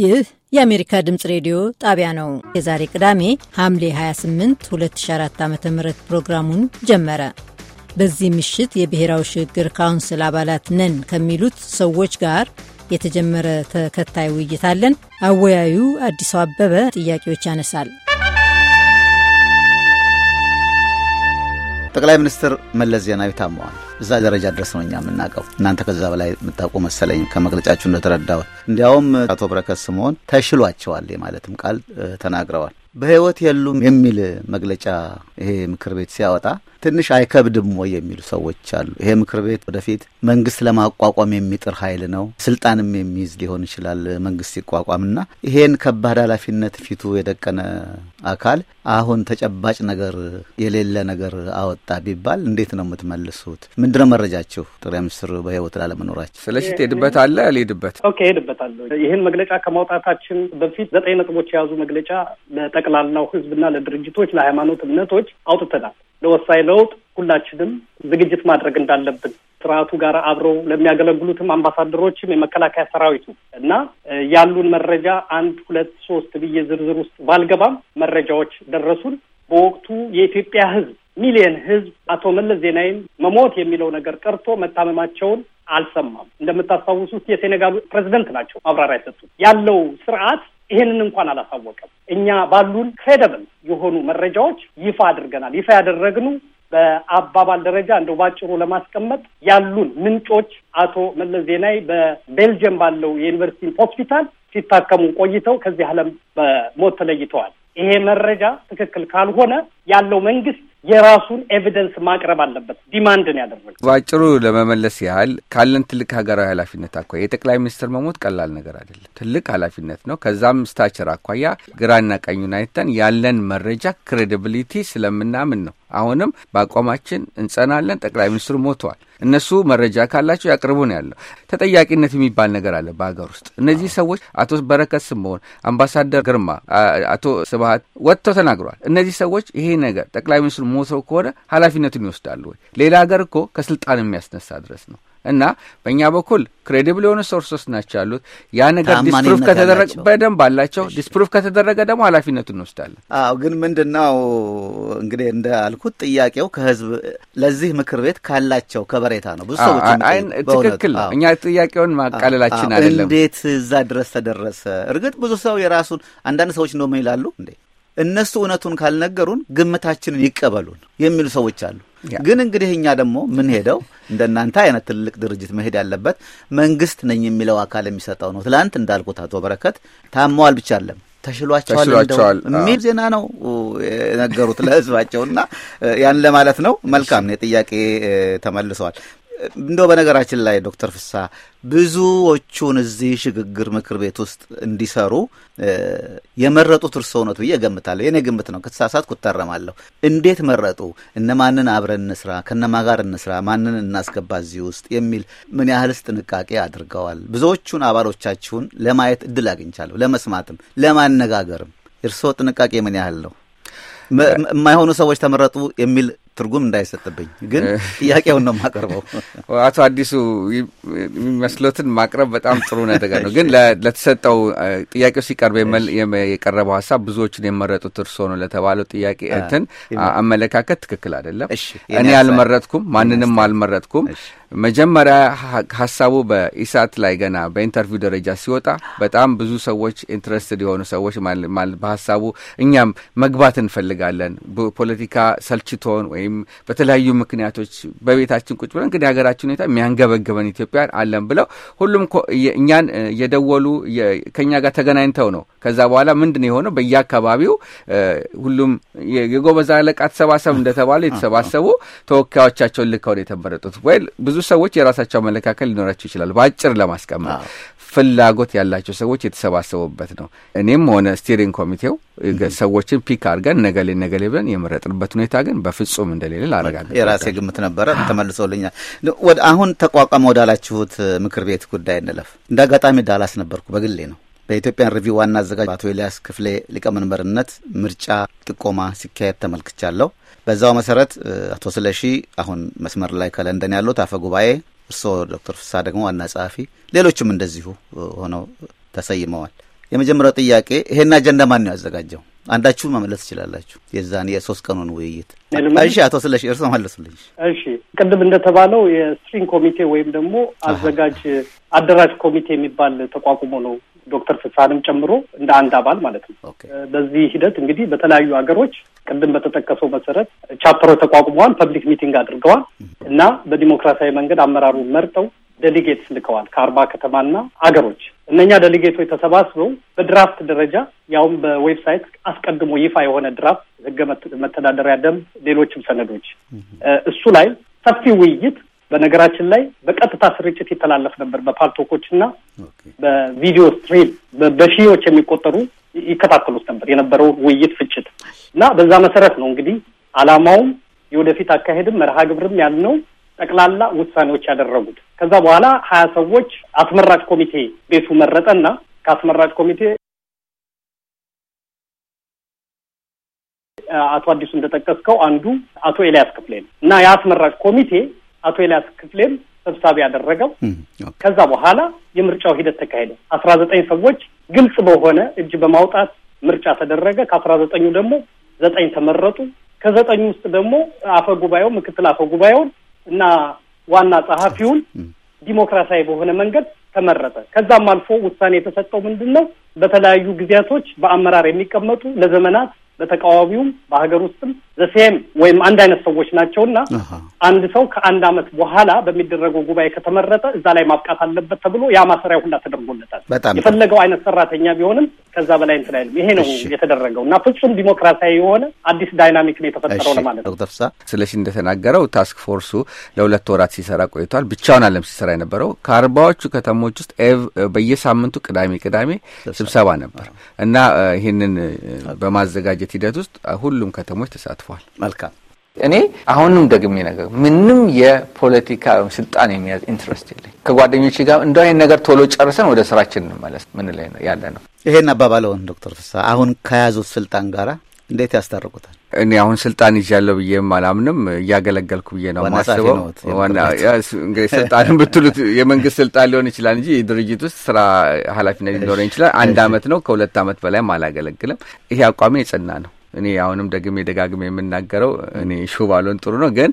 ይህ የአሜሪካ ድምፅ ሬዲዮ ጣቢያ ነው። የዛሬ ቅዳሜ ሐምሌ 28 2004 ዓ ም ፕሮግራሙን ጀመረ። በዚህ ምሽት የብሔራዊ ሽግግር ካውንስል አባላት ነን ከሚሉት ሰዎች ጋር የተጀመረ ተከታይ ውይይት አለን። አወያዩ አዲሱ አበበ ጥያቄዎች ያነሳል። ጠቅላይ ሚኒስትር መለስ ዜናዊ ታመዋል። እዛ ደረጃ ድረስ ነው እኛ የምናውቀው። እናንተ ከዛ በላይ የምታውቁ መሰለኝ ከመግለጫችሁ እንደተረዳሁት። እንዲያውም አቶ በረከት ስምኦን ተሽሏቸዋል የማለትም ቃል ተናግረዋል። በህይወት የሉም የሚል መግለጫ ይሄ ምክር ቤት ሲያወጣ ትንሽ አይከብድም ወይ የሚሉ ሰዎች አሉ። ይሄ ምክር ቤት ወደፊት መንግስት ለማቋቋም የሚጥር ኃይል ነው፣ ስልጣንም የሚይዝ ሊሆን ይችላል መንግስት ሲቋቋምና ይሄን ከባድ ኃላፊነት ፊቱ የደቀነ አካል አሁን ተጨባጭ ነገር የሌለ ነገር አወጣ ቢባል እንዴት ነው የምትመልሱት? ምንድነው መረጃችሁ? ጠቅላይ ሚኒስትር በህይወት ላለመኖራቸው ስለሽ አለ ልሄድበት ኦኬ ሄድበታለሁ። ይህን መግለጫ ከማውጣታችን በፊት ዘጠኝ ነጥቦች የያዙ መግለጫ ለጠቅላላው ህዝብና ለድርጅቶች፣ ለሃይማኖት እምነቶች አውጥተናል። ለወሳኝ ለውጥ ሁላችንም ዝግጅት ማድረግ እንዳለብን ስርዓቱ ጋር አብረው ለሚያገለግሉትም አምባሳደሮችም የመከላከያ ሰራዊቱ እና ያሉን መረጃ አንድ ሁለት ሶስት ብዬ ዝርዝር ውስጥ ባልገባም መረጃዎች ደረሱን። በወቅቱ የኢትዮጵያ ሕዝብ ሚሊየን ሕዝብ አቶ መለስ ዜናዊን መሞት የሚለው ነገር ቀርቶ መታመማቸውን አልሰማም። እንደምታስታውሱት የሴኔጋሉ ፕሬዚደንት ናቸው ማብራሪያ የሰጡት ያለው ስርዓት ይህንን እንኳን አላሳወቀም። እኛ ባሉን ክሬደብል የሆኑ መረጃዎች ይፋ አድርገናል። ይፋ ያደረግኑ በአባባል ደረጃ እንደው ባጭሩ ለማስቀመጥ ያሉን ምንጮች አቶ መለስ ዜናዊ በቤልጅየም ባለው የዩኒቨርሲቲ ሆስፒታል ሲታከሙ ቆይተው ከዚህ ዓለም በሞት ተለይተዋል። ይሄ መረጃ ትክክል ካልሆነ ያለው መንግስት የራሱን ኤቪደንስ ማቅረብ አለበት። ዲማንድ ነው ያደረገው። በአጭሩ ለመመለስ ያህል ካለን ትልቅ ሀገራዊ ኃላፊነት አኳያ የጠቅላይ ሚኒስትር መሞት ቀላል ነገር አይደለም። ትልቅ ኃላፊነት ነው። ከዛም ስታቸር አኳያ ግራና ቀኙን አይተን ያለን መረጃ ክሬዲቢሊቲ ስለምናምን ነው አሁንም በአቋማችን እንጸናለን። ጠቅላይ ሚኒስትሩ ሞተዋል። እነሱ መረጃ ካላቸው ያቅርቡ ነው ያለው። ተጠያቂነት የሚባል ነገር አለ በሀገር ውስጥ። እነዚህ ሰዎች አቶ በረከት ስምኦን፣ አምባሳደር ግርማ፣ አቶ ስብሀት ወጥተው ተናግረዋል። እነዚህ ሰዎች ይሄ ነገር ጠቅላይ ሚኒስትሩ ሞተው ከሆነ ኃላፊነቱን ይወስዳሉ ወይ? ሌላ ሀገር እኮ ከስልጣን የሚያስነሳ ድረስ ነው እና በእኛ በኩል ክሬዲብል የሆኑ ሶርሶች ናቸው ያሉት። ያ ነገር ዲስፕሩፍ ከተደረገ በደንብ አላቸው። ዲስፕሩፍ ከተደረገ ደግሞ ኃላፊነቱ እንወስዳለን። አዎ፣ ግን ምንድን ነው እንግዲህ እንዳልኩት ጥያቄው ከህዝብ ለዚህ ምክር ቤት ካላቸው ከበሬታ ነው። ብዙ ሰዎች ትክክል ነው። እኛ ጥያቄውን ማቃለላችን አይደለም። እንዴት እዛ ድረስ ተደረሰ? እርግጥ ብዙ ሰው የራሱን አንዳንድ ሰዎች እንደውም ይላሉ እንዴ እነሱ እውነቱን ካልነገሩን ግምታችንን ይቀበሉን የሚሉ ሰዎች አሉ። ግን እንግዲህ እኛ ደግሞ ምን ሄደው እንደ እናንተ አይነት ትልቅ ድርጅት መሄድ ያለበት መንግስት ነኝ የሚለው አካል የሚሰጠው ነው። ትላንት እንዳልኩት አቶ በረከት ታመዋል ብቻ አለም ተሽሏቸዋል የሚል ዜና ነው የነገሩት ለህዝባቸውና ያን ለማለት ነው። መልካም ነው። የጥያቄ ተመልሰዋል። እንደው በነገራችን ላይ ዶክተር ፍሳ ብዙዎቹን እዚህ ሽግግር ምክር ቤት ውስጥ እንዲሰሩ የመረጡት እርስዎ ነት ብዬ እገምታለሁ። የእኔ ግምት ነው፣ ከተሳሳትኩ እታረማለሁ። እንዴት መረጡ? እነማንን አብረን እንስራ፣ ከነማ ጋር እንስራ፣ ማንን እናስገባ እዚህ ውስጥ የሚል ምን ያህልስ ጥንቃቄ አድርገዋል? ብዙዎቹን አባሎቻችሁን ለማየት እድል አግኝቻለሁ፣ ለመስማትም ለማነጋገርም። እርስዎ ጥንቃቄ ምን ያህል ነው? የማይሆኑ ሰዎች ተመረጡ የሚል ትርጉም እንዳይሰጥብኝ ግን ጥያቄውን ነው የማቀርበው። አቶ አዲሱ የሚመስሎትን ማቅረብ በጣም ጥሩ ነገር ነው፣ ግን ለተሰጠው ጥያቄው ሲቀርብ የቀረበው ሀሳብ ብዙዎችን የመረጡት እርስዎ ነው ለተባለው ጥያቄ እንትን አመለካከት ትክክል አይደለም። እኔ አልመረጥኩም፣ ማንንም አልመረጥኩም። መጀመሪያ ሀሳቡ በኢሳት ላይ ገና በኢንተርቪው ደረጃ ሲወጣ በጣም ብዙ ሰዎች ኢንትረስትድ የሆኑ ሰዎች በሀሳቡ እኛም መግባት እንፈልጋለን፣ ፖለቲካ ሰልችቶን ወይም በተለያዩ ምክንያቶች በቤታችን ቁጭ ብለን ግን የሀገራችን ሁኔታ የሚያንገበግበን ኢትዮጵያን አለን ብለው ሁሉም እኛን እየደወሉ ከእኛ ጋር ተገናኝተው ነው። ከዛ በኋላ ምንድን የሆነው በየአካባቢው ሁሉም የጎበዝ አለቃ ተሰባሰብ እንደተባለ የተሰባሰቡ ተወካዮቻቸውን ልከው ነው የተመረጡት ወይ ብዙ ብዙ ሰዎች የራሳቸው አመለካከል ሊኖራቸው ይችላል። በአጭር ለማስቀመጥ ፍላጎት ያላቸው ሰዎች የተሰባሰቡበት ነው። እኔም ሆነ ስቲሪንግ ኮሚቴው ሰዎችን ፒክ አድርገን ነገሌ ነገሌ ብለን የመረጥንበት ሁኔታ ግን በፍጹም እንደሌለ ላረጋግጥ የራሴ ግምት ነበረ። ተመልሶልኛል። አሁን ተቋቋመ ወዳላችሁት ምክር ቤት ጉዳይ እንለፍ። እንደ አጋጣሚ ዳላስ ነበርኩ በግሌ ነው በኢትዮጵያን ሪቪው ዋና አዘጋጅ አቶ ኤልያስ ክፍሌ ሊቀመንበርነት ምርጫ ጥቆማ ሲካሄድ ተመልክቻለሁ። በዛው መሰረት አቶ ስለሺ አሁን መስመር ላይ ከለንደን ያሉት አፈ ጉባኤ፣ እርስዎ ዶክተር ፍሳ ደግሞ ዋና ጸሐፊ፣ ሌሎችም እንደዚሁ ሆነው ተሰይመዋል። የመጀመሪያው ጥያቄ ይሄን አጀንዳ ማን ነው ያዘጋጀው? አንዳችሁ መመለስ ትችላላችሁ። የዛን የሶስት ቀኑን ውይይት። እሺ አቶ ስለሺ እርስ መለሱልኝ። እሺ ቅድም እንደተባለው የስትሪንግ ኮሚቴ ወይም ደግሞ አዘጋጅ አደራጅ ኮሚቴ የሚባል ተቋቁሞ ነው ዶክተር ፍሳንም ጨምሮ እንደ አንድ አባል ማለት ነው። በዚህ ሂደት እንግዲህ በተለያዩ ሀገሮች ቅድም በተጠቀሰው መሰረት ቻፕተሮች ተቋቁመዋል፣ ፐብሊክ ሚቲንግ አድርገዋል እና በዲሞክራሲያዊ መንገድ አመራሩን መርጠው ዴሊጌትስ ልከዋል ከአርባ ከተማና አገሮች እነኛ ዴሊጌቶች ተሰባስበው በድራፍት ደረጃ ያውም በዌብሳይት አስቀድሞ ይፋ የሆነ ድራፍት ህገ መተዳደሪያ ደንብ፣ ሌሎችም ሰነዶች እሱ ላይ ሰፊ ውይይት በነገራችን ላይ በቀጥታ ስርጭት ይተላለፍ ነበር በፓልቶኮች እና በቪዲዮ ስትሪም በሺዎች የሚቆጠሩ ይከታተሉት ነበር የነበረው ውይይት ፍጭት እና በዛ መሰረት ነው እንግዲህ አላማውም የወደፊት አካሄድም መርሃ ግብርም ያልነው ጠቅላላ ውሳኔዎች ያደረጉት። ከዛ በኋላ ሀያ ሰዎች አስመራጭ ኮሚቴ ቤቱ መረጠና ከአስመራጭ ኮሚቴ አቶ አዲሱ እንደጠቀስከው አንዱ አቶ ኤልያስ ክፍሌ ነው እና የአስመራጭ ኮሚቴ አቶ ኤልያስ ክፍሌም ሰብሳቢ ያደረገው። ከዛ በኋላ የምርጫው ሂደት ተካሄደ። አስራ ዘጠኝ ሰዎች ግልጽ በሆነ እጅ በማውጣት ምርጫ ተደረገ። ከአስራ ዘጠኙ ደግሞ ዘጠኝ ተመረጡ። ከዘጠኙ ውስጥ ደግሞ አፈ ጉባኤው፣ ምክትል አፈ ጉባኤውን እና ዋና ጸሐፊውን ዲሞክራሲያዊ በሆነ መንገድ ተመረጠ። ከዛም አልፎ ውሳኔ የተሰጠው ምንድን ነው? በተለያዩ ጊዜያቶች በአመራር የሚቀመጡ ለዘመናት በተቃዋሚውም በሀገር ውስጥም ዘሴም ወይም አንድ አይነት ሰዎች ናቸውና አንድ ሰው ከአንድ ዓመት በኋላ በሚደረገው ጉባኤ ከተመረጠ እዛ ላይ ማብቃት አለበት ተብሎ ያ ማሰሪያ ሁላ ተደርጎለታል። የፈለገው አይነት ሰራተኛ ቢሆንም ከዛ በላይ እንትን አይልም። ይሄ ነው የተደረገው እና ፍጹም ዲሞክራሲያዊ የሆነ አዲስ ዳይናሚክ ነው የተፈጠረው ለማለት ነው። ዶክተር ፍሳ ስለሽ እንደተናገረው ታስክ ፎርሱ ለሁለት ወራት ሲሰራ ቆይቷል። ብቻውን አለም ሲሰራ የነበረው ከአርባዎቹ ከተሞች ውስጥ በየሳምንቱ ቅዳሜ ቅዳሜ ስብሰባ ነበር እና ይህንን በማዘጋጀት ዝግጅት ሂደት ውስጥ ሁሉም ከተሞች ተሳትፏል። መልካም። እኔ አሁንም ደግሜ ነገር ምንም የፖለቲካ ስልጣን የሚያዝ ኢንትረስት የለኝ። ከጓደኞች ጋር እንደ አይነት ነገር ቶሎ ጨርሰን ወደ ስራችን እንመለስ ምን ላይ ያለ ነው። ይሄን አባባለውን ዶክተር ፍስሐ አሁን ከያዙት ስልጣን ጋራ እንዴት ያስታርቁታል? እኔ አሁን ስልጣን ይዣለሁ ብዬም አላምንም። እያገለገልኩ ብዬ ነው ማስበው። እንግዲህ ብትሉት የመንግስት ስልጣን ሊሆን ይችላል እንጂ ድርጅት ውስጥ ስራ ኃላፊነት ሊኖረኝ ይችላል። አንድ አመት ነው ከሁለት አመት በላይም አላገለግልም። ይሄ አቋሚ የጸና ነው። እኔ አሁንም ደግሜ ደጋግሜ የምናገረው እኔ ሹባሎን ጥሩ ነው፣ ግን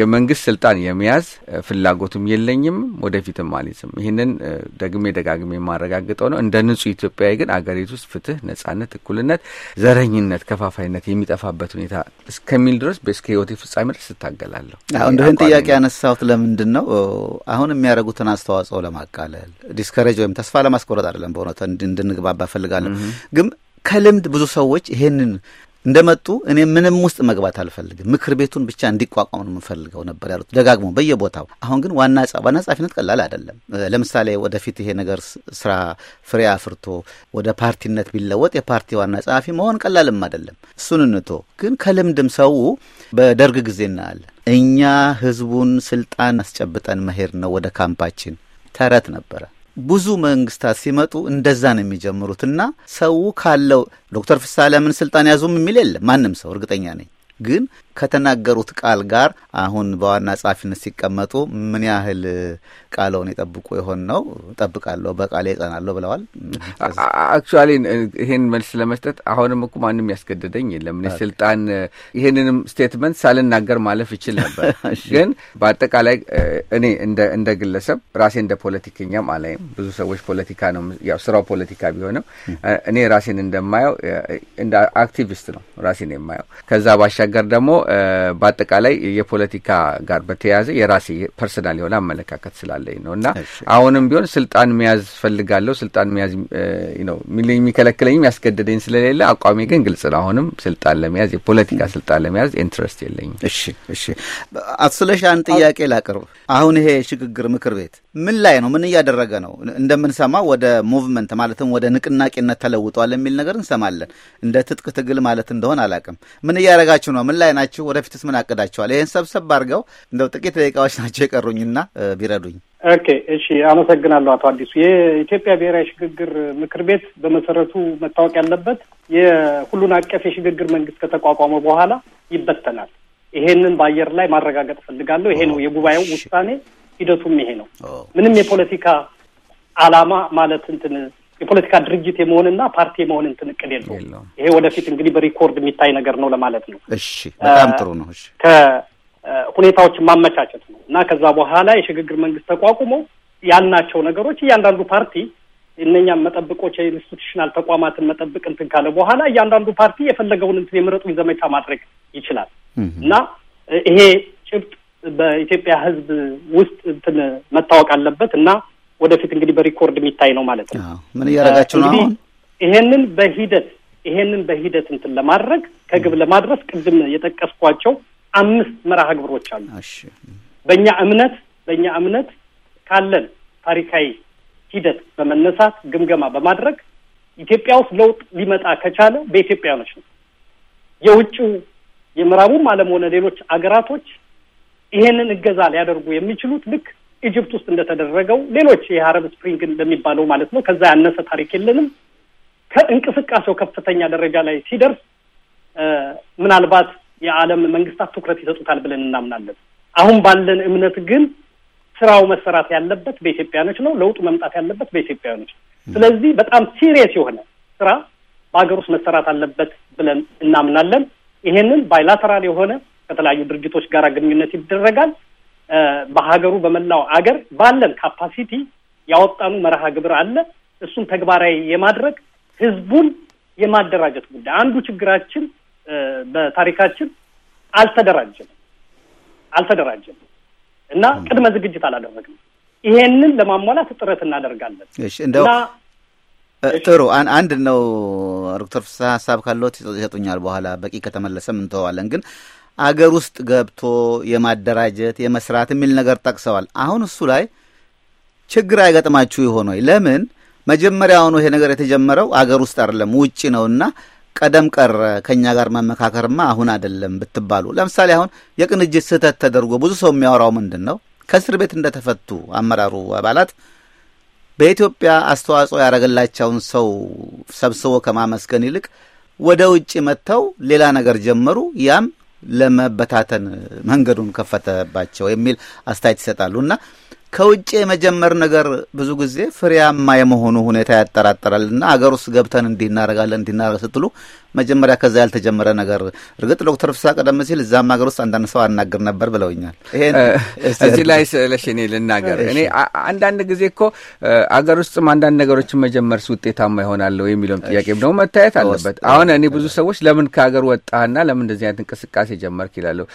የመንግስት ስልጣን የመያዝ ፍላጎትም የለኝም፣ ወደፊትም አልይዝም። ይህንን ደግሜ ደጋግሜ የማረጋግጠው ነው። እንደ ንጹህ ኢትዮጵያዊ ግን አገሪቱ ውስጥ ፍትህ፣ ነጻነት፣ እኩልነት፣ ዘረኝነት፣ ከፋፋይነት የሚጠፋበት ሁኔታ እስከሚል ድረስ እስከ ህይወቴ ፍጻሜ ድረስ እታገላለሁ። እንዲህን ጥያቄ ያነሳሁት ለምንድን ነው? አሁን የሚያደርጉትን አስተዋጽኦ ለማቃለል ዲስከሬጅ ወይም ተስፋ ለማስቆረጥ አይደለም። በእውነት እንድንግባባ እፈልጋለሁ ግን ከልምድ ብዙ ሰዎች ይሄንን እንደመጡ እኔ ምንም ውስጥ መግባት አልፈልግም፣ ምክር ቤቱን ብቻ እንዲቋቋም ነው የምፈልገው ነበር ያሉት ደጋግሞ በየቦታው። አሁን ግን ዋና ዋና ጸሐፊነት ቀላል አይደለም። ለምሳሌ ወደፊት ይሄ ነገር ስራ ፍሬ አፍርቶ ወደ ፓርቲነት ቢለወጥ የፓርቲ ዋና ጸሐፊ መሆን ቀላልም አይደለም። እሱን እንቶ ግን ከልምድም ሰው በደርግ ጊዜ እናያለን። እኛ ህዝቡን ስልጣን አስጨብጠን መሄድ ነው ወደ ካምፓችን ተረት ነበረ። ብዙ መንግስታት ሲመጡ እንደዛ ነው የሚጀምሩት እና ሰው ካለው ዶክተር ፍስሐ ለምን ስልጣን ያዙም የሚል የለም ማንም ሰው እርግጠኛ ነኝ። ግን ከተናገሩት ቃል ጋር አሁን በዋና ጸሐፊነት ሲቀመጡ ምን ያህል ቃለውን የጠብቁ የሆን ነው? እጠብቃለሁ፣ በቃሌ እጸናለሁ ብለዋል። አክቹዋሊ ይሄን መልስ ለመስጠት አሁንም እኮ ማንም ያስገደደኝ የለም። እኔ ስልጣን ይሄንንም ስቴትመንት ሳልናገር ማለፍ ይችል ነበር። ግን በአጠቃላይ እኔ እንደ ግለሰብ ራሴ እንደ ፖለቲከኛም አላይም። ብዙ ሰዎች ፖለቲካ ነው ያው ስራው ፖለቲካ ቢሆንም እኔ ራሴን እንደማየው እንደ አክቲቪስት ነው ራሴን የማየው። ከዛ ባሻገር ደግሞ በአጠቃላይ የፖለቲካ ጋር በተያያዘ የራሴ ፐርሰናል የሆነ አመለካከት ስላለኝ ነው እና አሁንም ቢሆን ስልጣን መያዝ ፈልጋለሁ። ስልጣን መያዝ ነው የሚከለክለኝም ያስገደደኝ ስለሌለ አቋሜ ግን ግልጽ ነው። አሁንም ስልጣን ለመያዝ የፖለቲካ ስልጣን ለመያዝ ኢንትረስት የለኝም። እሺ፣ እሺ። አስለሽ አንድ ጥያቄ ላቅርብ። አሁን ይሄ የሽግግር ምክር ቤት ምን ላይ ነው? ምን እያደረገ ነው? እንደምንሰማው ወደ ሙቭመንት ማለትም ወደ ንቅናቄነት ተለውጧል የሚል ነገር እንሰማለን። እንደ ትጥቅ ትግል ማለት እንደሆን አላቅም ምን እያደረጋችሁ ነው? ምን ላይ ናቸው? ናችሁ? ወደፊትስ ምን አቅዳችኋል? ይህን ሰብሰብ አድርገው እንደው ጥቂት ደቂቃዎች ናቸው የቀሩኝና ቢረዱኝ። ኦኬ፣ እሺ፣ አመሰግናለሁ አቶ አዲሱ። የኢትዮጵያ ብሔራዊ ሽግግር ምክር ቤት በመሰረቱ መታወቅ ያለበት የሁሉን አቀፍ የሽግግር መንግስት ከተቋቋመ በኋላ ይበተናል። ይሄንን በአየር ላይ ማረጋገጥ ፈልጋለሁ። ይሄ ነው የጉባኤው ውሳኔ፣ ሂደቱም ይሄ ነው። ምንም የፖለቲካ አላማ ማለት እንትን የፖለቲካ ድርጅት የመሆንና ፓርቲ የመሆን እንትን እቅድ የለውም። ይሄ ወደፊት እንግዲህ በሪኮርድ የሚታይ ነገር ነው ለማለት ነው። እሺ፣ በጣም ጥሩ ነው። እሺ፣ ከሁኔታዎች ማመቻቸት ነው እና ከዛ በኋላ የሽግግር መንግስት ተቋቁሞ ያልናቸው ነገሮች እያንዳንዱ ፓርቲ እነኛም መጠብቆች የኢንስቲቱሽናል ተቋማትን መጠብቅ እንትን ካለ በኋላ እያንዳንዱ ፓርቲ የፈለገውን እንትን የምረጡኝ ዘመቻ ማድረግ ይችላል እና ይሄ ጭብጥ በኢትዮጵያ ሕዝብ ውስጥ እንትን መታወቅ አለበት እና ወደፊት እንግዲህ በሪኮርድ የሚታይ ነው ማለት ነው። ምን እያደረጋችሁ ነው አሁን? ይሄንን በሂደት ይሄንን በሂደት እንትን ለማድረግ ከግብ ለማድረስ ቅድም የጠቀስኳቸው አምስት መርሃ ግብሮች አሉ። በእኛ እምነት በእኛ እምነት ካለን ታሪካዊ ሂደት በመነሳት ግምገማ በማድረግ ኢትዮጵያ ውስጥ ለውጥ ሊመጣ ከቻለ በኢትዮጵያውያኖች ነው። የውጭው የምዕራቡም ዓለም ሆነ ሌሎች አገራቶች ይሄንን እገዛ ሊያደርጉ የሚችሉት ልክ ኢጅፕት ውስጥ እንደተደረገው ሌሎች የአረብ ስፕሪንግ እንደሚባለው ማለት ነው። ከዛ ያነሰ ታሪክ የለንም። ከእንቅስቃሴው ከፍተኛ ደረጃ ላይ ሲደርስ ምናልባት የዓለም መንግስታት ትኩረት ይሰጡታል ብለን እናምናለን። አሁን ባለን እምነት ግን ስራው መሰራት ያለበት በኢትዮጵያኖች ነው። ለውጡ መምጣት ያለበት በኢትዮጵያኖች ነው። ስለዚህ በጣም ሲሪየስ የሆነ ስራ በሀገር ውስጥ መሰራት አለበት ብለን እናምናለን። ይሄንን ባይላተራል የሆነ ከተለያዩ ድርጅቶች ጋር ግንኙነት ይደረጋል። በሀገሩ በመላው አገር ባለን ካፓሲቲ ያወጣኑ መርሃ ግብር አለ። እሱን ተግባራዊ የማድረግ ህዝቡን የማደራጀት ጉዳይ አንዱ ችግራችን በታሪካችን አልተደራጀም አልተደራጀም እና ቅድመ ዝግጅት አላደረግም። ይሄንን ለማሟላት ጥረት እናደርጋለን። እንደው ጥሩ አንድ ነው ዶክተር ፍስሐ ሀሳብ ካለዎት ይሰጡኛል። በኋላ በቂ ከተመለሰም እንተዋለን ግን አገር ውስጥ ገብቶ የማደራጀት የመስራት የሚል ነገር ጠቅሰዋል። አሁን እሱ ላይ ችግር አይገጥማችሁ ይሆን? ለምን መጀመሪያውኑ ይሄ ነገር የተጀመረው አገር ውስጥ አይደለም ውጭ ነውና ቀደም ቀረ ከእኛ ጋር መመካከርማ አሁን አይደለም ብትባሉ፣ ለምሳሌ አሁን የቅንጅት ስህተት ተደርጎ ብዙ ሰው የሚያወራው ምንድን ነው? ከእስር ቤት እንደተፈቱ አመራሩ አባላት በኢትዮጵያ አስተዋጽኦ ያደረገላቸውን ሰው ሰብስቦ ከማመስገን ይልቅ ወደ ውጭ መጥተው ሌላ ነገር ጀመሩ። ያም ለመበታተን መንገዱን ከፈተባቸው የሚል አስተያየት ይሰጣሉ እና ከውጭ የመጀመር ነገር ብዙ ጊዜ ፍሬያማ የመሆኑ ሁኔታ ያጠራጠራል እና አገር ውስጥ ገብተን እንዲህ እናደርጋለን እንዲህ እናደርግ ስትሉ መጀመሪያ ከዛ ያልተጀመረ ነገር እርግጥ ዶክተር ፍሳ ቀደም ሲል እዛም ሀገር ውስጥ አንዳንድ ሰው አናግር ነበር ብለውኛል። እዚህ ላይ ስለሽ እኔ ልናገር። እኔ አንዳንድ ጊዜ እኮ አገር ውስጥም አንዳንድ ነገሮችን መጀመርስ ውጤታማ ይሆናለሁ የሚለውም ጥያቄም ደግሞ መታየት አለበት። አሁን እኔ ብዙ ሰዎች ለምን ከሀገር ወጣህና ለምን እንደዚህ አይነት እንቅስቃሴ ጀመርክ ይላለሁ።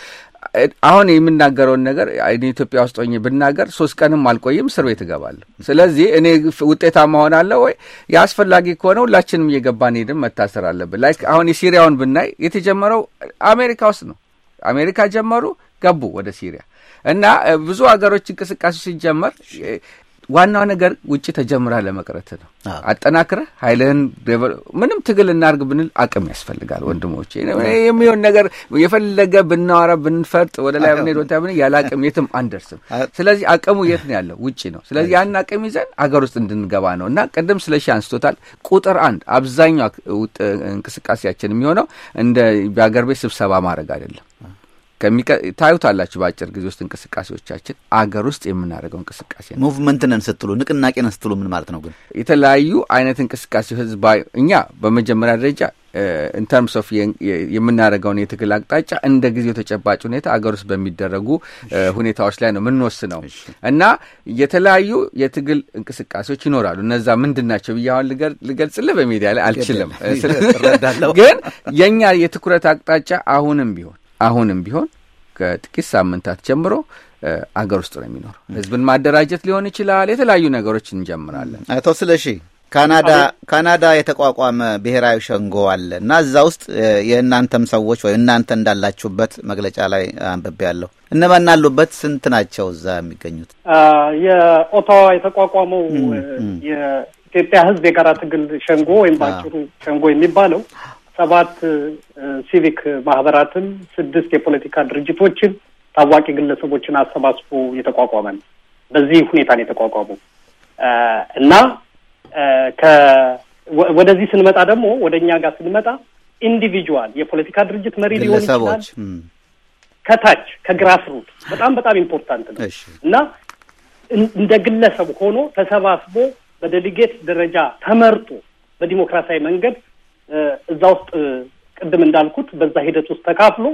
አሁን የምናገረውን ነገር እኔ ኢትዮጵያ ውስጥ ሆኜ ብናገር ሶስት ቀንም አልቆይም እስር ቤት እገባለሁ። ስለዚህ እኔ ውጤታማ ሆናለሁ ወይ? የአስፈላጊ ከሆነ ሁላችንም እየገባን ሄድም መታሰር አለብን። ላይክ አሁን የሲሪያውን ብናይ የተጀመረው አሜሪካ ውስጥ ነው። አሜሪካ ጀመሩ፣ ገቡ ወደ ሲሪያ እና ብዙ ሀገሮች እንቅስቃሴ ሲጀመር ዋናው ነገር ውጭ ተጀምራ ለመቅረት ነው። አጠናክረህ ኃይልህን ምንም ትግል እናርግ ብንል አቅም ያስፈልጋል። ወንድሞች የሚሆን ነገር የፈለገ ብናወራ ብንፈርጥ ወደ ላይ ብንሄድ ወታ ብን ያለ አቅም የትም አንደርስም። ስለዚህ አቅሙ የት ነው ያለው? ውጭ ነው። ስለዚህ ያን አቅም ይዘን አገር ውስጥ እንድንገባ ነው እና ቅድም ስለሺ አንስቶታል። ቁጥር አንድ አብዛኛው እንቅስቃሴያችን የሚሆነው እንደ በሀገር ቤት ስብሰባ ማድረግ አይደለም ታዩታላችሁ። በአጭር ጊዜ ውስጥ እንቅስቃሴዎቻችን አገር ውስጥ የምናደርገው እንቅስቃሴ ነው። ሙቭመንት ነን ስትሉ ንቅናቄ ነን ስትሉ ምን ማለት ነው? ግን የተለያዩ አይነት እንቅስቃሴ ህዝብ እኛ በመጀመሪያ ደረጃ ኢንተርምስ ኦፍ የምናደርገውን የትግል አቅጣጫ እንደ ጊዜው ተጨባጭ ሁኔታ አገር ውስጥ በሚደረጉ ሁኔታዎች ላይ ነው የምንወስነው እና የተለያዩ የትግል እንቅስቃሴዎች ይኖራሉ። እነዛ ምንድን ናቸው ብዬ አሁን ልገልጽልህ በሚዲያ ላይ አልችልም። ግን የእኛ የትኩረት አቅጣጫ አሁንም ቢሆን አሁንም ቢሆን ከጥቂት ሳምንታት ጀምሮ አገር ውስጥ ነው የሚኖረው። ህዝብን ማደራጀት ሊሆን ይችላል። የተለያዩ ነገሮች እንጀምራለን። አቶ ስለሺ ካናዳ ካናዳ የተቋቋመ ብሔራዊ ሸንጎ አለ እና እዛ ውስጥ የእናንተም ሰዎች ወይ እናንተ እንዳላችሁበት መግለጫ ላይ አንብቤ ያለሁ እነማን አሉበት? ስንት ናቸው እዛ የሚገኙት? የኦታዋ የተቋቋመው የኢትዮጵያ ህዝብ የጋራ ትግል ሸንጎ ወይም በአጭሩ ሸንጎ የሚባለው ሰባት ሲቪክ ማህበራትን፣ ስድስት የፖለቲካ ድርጅቶችን፣ ታዋቂ ግለሰቦችን አሰባስቦ የተቋቋመ ነው። በዚህ ሁኔታ ነው የተቋቋሙ እና ወደዚህ ስንመጣ ደግሞ ወደ እኛ ጋር ስንመጣ ኢንዲቪጁዋል የፖለቲካ ድርጅት መሪ ሊሆን ይችላል። ከታች ከግራስ ሩት በጣም በጣም ኢምፖርታንት ነው እና እንደ ግለሰብ ሆኖ ተሰባስቦ በዴሊጌት ደረጃ ተመርጦ በዲሞክራሲያዊ መንገድ እዛ ውስጥ ቅድም እንዳልኩት በዛ ሂደት ውስጥ ተካፍሎ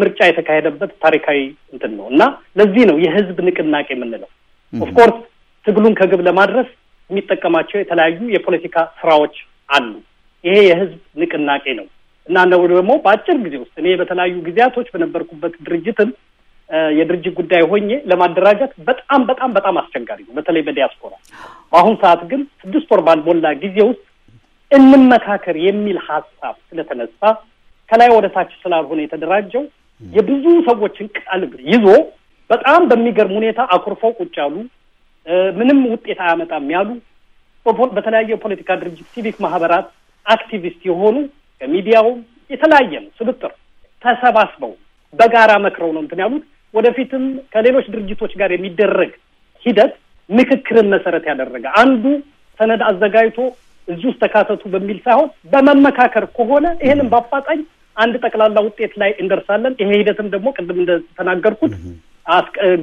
ምርጫ የተካሄደበት ታሪካዊ እንትን ነው እና ለዚህ ነው የህዝብ ንቅናቄ የምንለው። ኦፍኮርስ ትግሉን ከግብ ለማድረስ የሚጠቀማቸው የተለያዩ የፖለቲካ ስራዎች አሉ። ይሄ የህዝብ ንቅናቄ ነው እና ነው ደግሞ በአጭር ጊዜ ውስጥ እኔ በተለያዩ ጊዜያቶች በነበርኩበት ድርጅትን የድርጅት ጉዳይ ሆኜ ለማደራጀት በጣም በጣም በጣም አስቸጋሪ ነው፣ በተለይ በዲያስፖራ። በአሁን ሰዓት ግን ስድስት ወር ባልሞላ ጊዜ ውስጥ እንመካከር የሚል ሀሳብ ስለተነሳ ከላይ ወደ ታች ስላልሆነ የተደራጀው የብዙ ሰዎችን ቀልብ ይዞ በጣም በሚገርም ሁኔታ አኩርፈው ቁጭ ያሉ ምንም ውጤት አያመጣም ያሉ በተለያየ የፖለቲካ ድርጅት ሲቪክ ማህበራት አክቲቪስት የሆኑ ከሚዲያውም የተለያየም ስብጥር ተሰባስበው በጋራ መክረው ነው እንትን ያሉት። ወደፊትም ከሌሎች ድርጅቶች ጋር የሚደረግ ሂደት ምክክርን መሰረት ያደረገ አንዱ ሰነድ አዘጋጅቶ እዚህ ውስጥ ተካተቱ በሚል ሳይሆን በመመካከር ከሆነ ይህንን በአፋጣኝ አንድ ጠቅላላ ውጤት ላይ እንደርሳለን። ይሄ ሂደትም ደግሞ ቅድም እንደተናገርኩት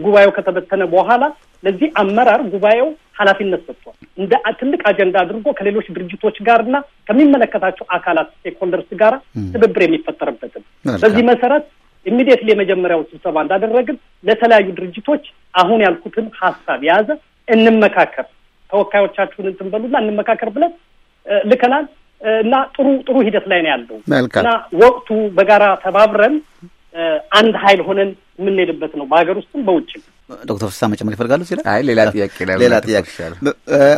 ጉባኤው ከተበተነ በኋላ ለዚህ አመራር ጉባኤው ኃላፊነት ሰጥቷል። እንደ ትልቅ አጀንዳ አድርጎ ከሌሎች ድርጅቶች ጋርና ከሚመለከታቸው አካላት ስቴክሆልደርስ ጋር ትብብር የሚፈጠርበትም በዚህ መሰረት ኢሚዲየትሊ የመጀመሪያው ስብሰባ እንዳደረግን ለተለያዩ ድርጅቶች አሁን ያልኩትን ሀሳብ የያዘ እንመካከር፣ ተወካዮቻችሁን እንትን በሉና እንመካከር ብለን ልከናል እና ጥሩ ጥሩ ሂደት ላይ ነው ያለው እና ወቅቱ በጋራ ተባብረን አንድ ኃይል ሆነን የምንሄድበት ነው በሀገር ውስጥም በውጭም። ዶክተር ፍሳ መጨመር ይፈልጋሉ? ሲል ሌላ ጥያቄ ሌላ ጥያቄ።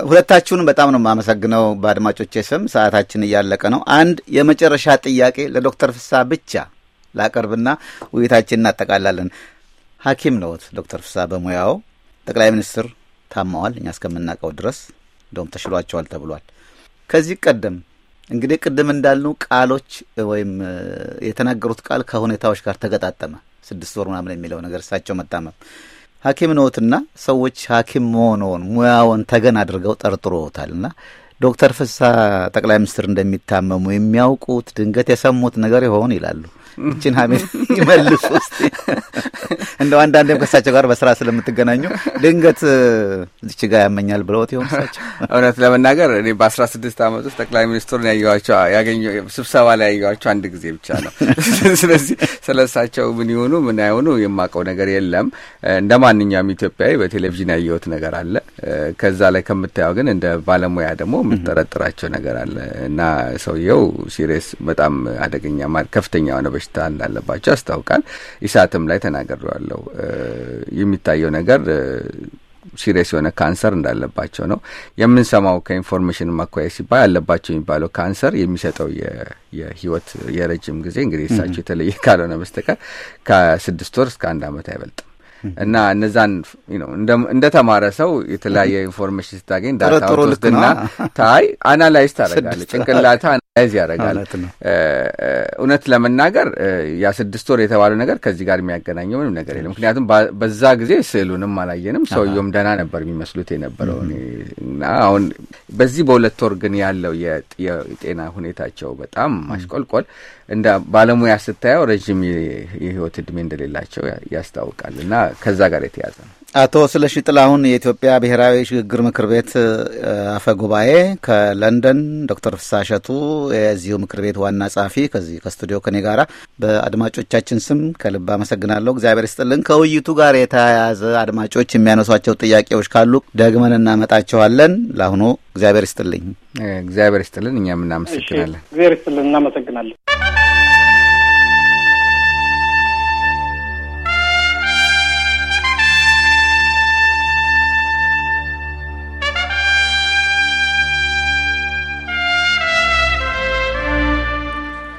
ሁለታችሁንም በጣም ነው የማመሰግነው በአድማጮቼ ስም ሰዓታችን እያለቀ ነው። አንድ የመጨረሻ ጥያቄ ለዶክተር ፍሳ ብቻ ላቀርብና ውይይታችን እናጠቃላለን። ሐኪም ነዎት ዶክተር ፍሳ በሙያው ጠቅላይ ሚኒስትር ታማዋል። እኛ እስከምናውቀው ድረስ እንደውም ተሽሏቸዋል ተብሏል። ከዚህ ቀደም እንግዲህ ቅድም እንዳልነው ቃሎች ወይም የተናገሩት ቃል ከሁኔታዎች ጋር ተገጣጠመ። ስድስት ወር ምናምን የሚለው ነገር እሳቸው መጣመም ሐኪም ነዎትና ሰዎች ሐኪም መሆንዎን ሙያውን ተገን አድርገው ጠርጥሮታል እና ዶክተር ፍሳ ጠቅላይ ሚኒስትር እንደሚታመሙ የሚያውቁት ድንገት የሰሙት ነገር ይሆን ይላሉ። እችን ሀሜት ይመልሱ ውስጥ እንደው አንዳንዴም ከእሳቸው ጋር በስራ ስለምትገናኙ ድንገት እዚች ጋር ያመኛል ብለውት ይሆን እሳቸው? እውነት ለመናገር እኔ በአስራ ስድስት ዓመት ውስጥ ጠቅላይ ሚኒስትሩን ያየኋቸው ያገኘ ስብሰባ ላይ ያየኋቸው አንድ ጊዜ ብቻ ነው። ስለዚህ ስለ እሳቸው ምን ይሆኑ ምን አይሆኑ የማውቀው ነገር የለም። እንደ ማንኛውም ኢትዮጵያዊ በቴሌቪዥን ያየሁት ነገር አለ። ከዛ ላይ ከምታየው ግን እንደ ባለሙያ ደግሞ የምጠረጥራቸው ነገር አለ እና ሰውየው ሲሪየስ በጣም አደገኛ ከፍተኛ የሆነ በሽ በሽታ እንዳለባቸው ያስታውቃል። ኢሳትም ላይ ተናግሬዋለሁ። የሚታየው ነገር ሲሪየስ የሆነ ካንሰር እንዳለባቸው ነው የምንሰማው። ከኢንፎርሜሽን ማኳያ ሲባል አለባቸው የሚባለው ካንሰር የሚሰጠው የህይወት የረጅም ጊዜ እንግዲህ እሳቸው የተለየ ካልሆነ በስተቀር ከስድስት ወር እስከ አንድ አመት አይበልጥም። እና እነዛን እንደ ተማረ ሰው የተለያየ ኢንፎርሜሽን ስታገኝ ዳታ ታይ አናላይዝ ታደርጋለህ። ጭንቅላታ አናላይዝ ያደርጋል። እውነት ለመናገር ያ ስድስት ወር የተባለው ነገር ከዚህ ጋር የሚያገናኘው ምንም ነገር የለም። ምክንያቱም በዛ ጊዜ ስዕሉንም አላየንም፣ ሰውየውም ደና ነበር የሚመስሉት የነበረው እና አሁን በዚህ በሁለት ወር ግን ያለው የጤና ሁኔታቸው በጣም ማሽቆልቆል እንደ ባለሙያ ስታየው ረዥም የህይወት እድሜ እንደሌላቸው ያስታውቃል እና ከዛ ጋር የተያዘ ነው። አቶ ስለሺ ጥላሁን የኢትዮጵያ ብሔራዊ ሽግግር ምክር ቤት አፈ ጉባኤ ከለንደን፣ ዶክተር ፍሳሸቱ የዚሁ ምክር ቤት ዋና ጸሐፊ ከዚህ ከስቱዲዮ ከኔ ጋራ በአድማጮቻችን ስም ከልብ አመሰግናለሁ። እግዚአብሔር ይስጥልን። ከውይይቱ ጋር የተያያዘ አድማጮች የሚያነሷቸው ጥያቄዎች ካሉ ደግመን እናመጣቸዋለን። ለአሁኑ እግዚአብሔር ይስጥልኝ። እግዚአብሔር ይስጥልን። እኛም እናመሰግናለን። እግዚአብሔር ይስጥልን። እናመሰግናለን።